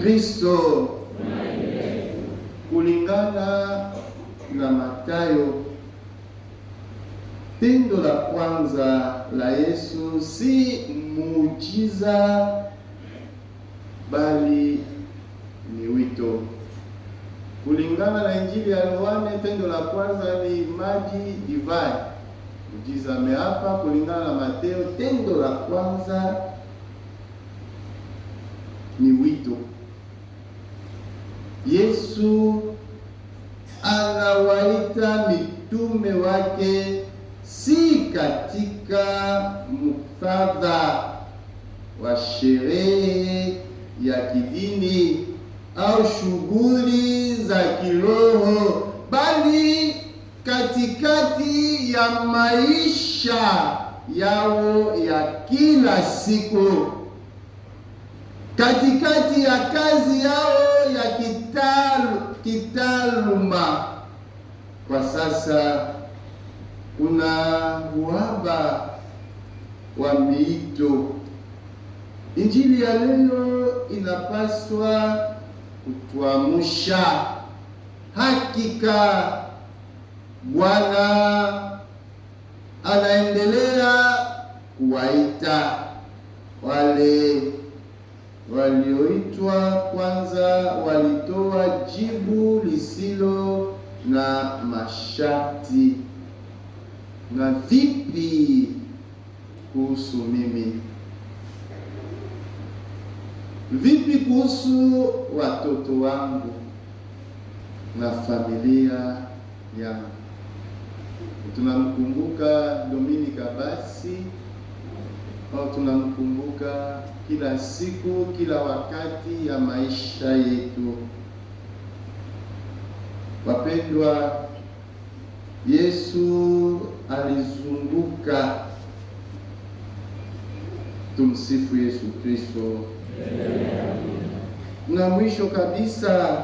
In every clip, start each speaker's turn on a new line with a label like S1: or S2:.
S1: Kristo kulingana na Mathayo. Tendo la kwanza la Yesu si muujiza bali ni wito. Kulingana na Injili ya Yohane, tendo la kwanza ni maji divai, muujiza ameapa. Kulingana na Mateo, tendo la kwanza ni wito. Yesu anawaita mitume wake si katika muktadha wa sherehe ya kidini au shughuli za kiroho, bali katikati ya maisha yao ya kila siku, katikati ya kazi yao ya kidini kitaaluma. Kwa sasa kuna uhaba wa miito. Injili ya leo inapaswa kutuamsha. Hakika Bwana anaendelea kuwaita wale walioitwa kwanza walitoa jibu lisilo na masharti. Na vipi kuhusu mimi? Vipi kuhusu watoto wangu na familia yangu? Tunamkumbuka Dominika basi ambao tunamkumbuka kila siku, kila wakati ya maisha yetu. Wapendwa, Yesu alizunguka. Tumsifu Yesu Kristo. Na mwisho kabisa,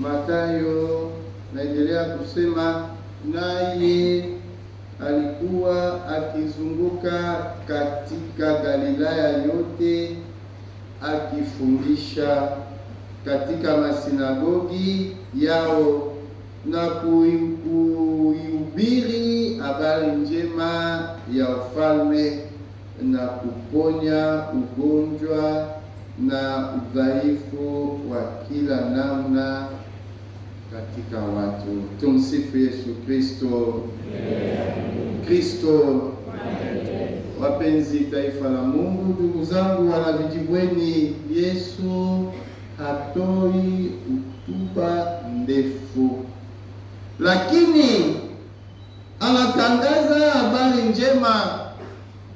S1: Mathayo naendelea kusema naye alikuwa akizunguka katika Galilaya yote akifundisha katika masinagogi yao na kuihubiri habari njema ya ufalme na kuponya ugonjwa na udhaifu wa kila namna katika watu. Tumsifu Yesu Kristo. Kristo Wapenzi taifa la Mungu, ndugu zangu wana vijibweni, Yesu hatoi utuba ndefu, lakini anatangaza habari njema,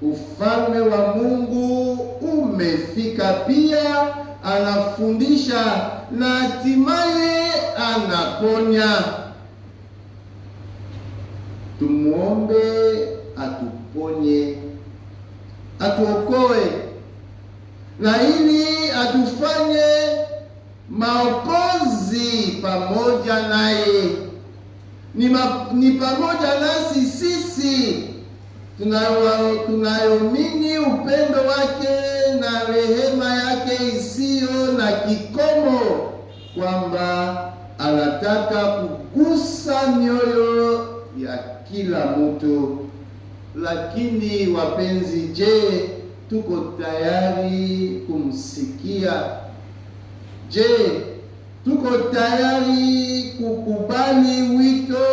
S1: ufalme wa Mungu umefika pia, anafundisha na hatimaye anaponya. Tumuombe atuponye, atuokoe na ili atufanye maokozi pamoja naye, ni, ma, ni pamoja nasi sisi tunayomini upendo wake na rehema yake isiyo na kikomo, kwamba anataka kugusa mioyo ya kila mtu. Lakini wapenzi, je, tuko tayari kumsikia? Je, tuko tayari kukubali wito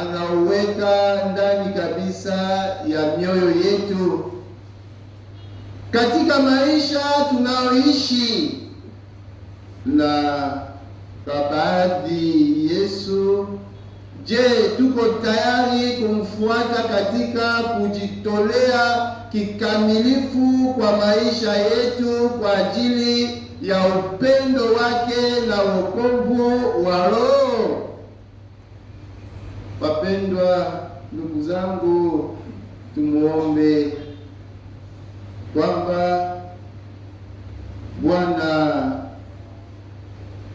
S1: anauweka ndani kabisa ya mioyo yetu. Katika maisha tunayoishi na kabadhi Yesu, je, tuko tayari kumfuata katika kujitolea kikamilifu kwa maisha yetu kwa ajili ya upendo wake na wokovu wa roho? Wapendwa ndugu zangu, tumuombe kwamba Bwana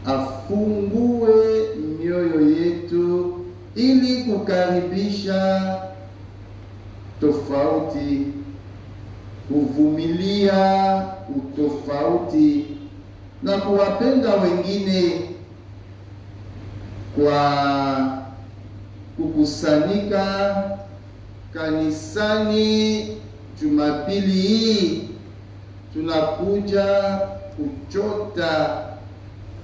S1: afungue mioyo yetu ili kukaribisha tofauti, kuvumilia utofauti na kuwapenda wengine kwa kukusanyika kanisani Jumapili hii, tunakuja kuchota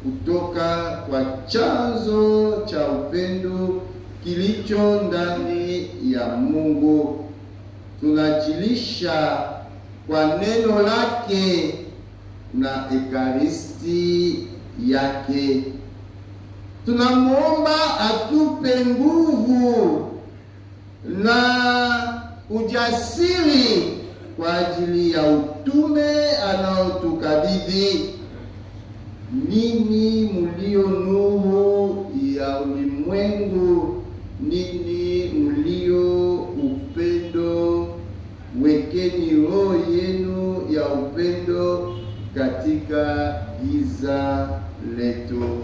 S1: kutoka kwa chanzo cha upendo kilicho ndani ya Mungu. Tunajilisha kwa neno lake na ekaristi yake tunamwomba atupe nguvu na ujasiri kwa ajili ya utume anaotukabidhi. nini mlio nuru ya ulimwengu, nini mlio upendo, wekeni roho yenu ya upendo katika giza letu.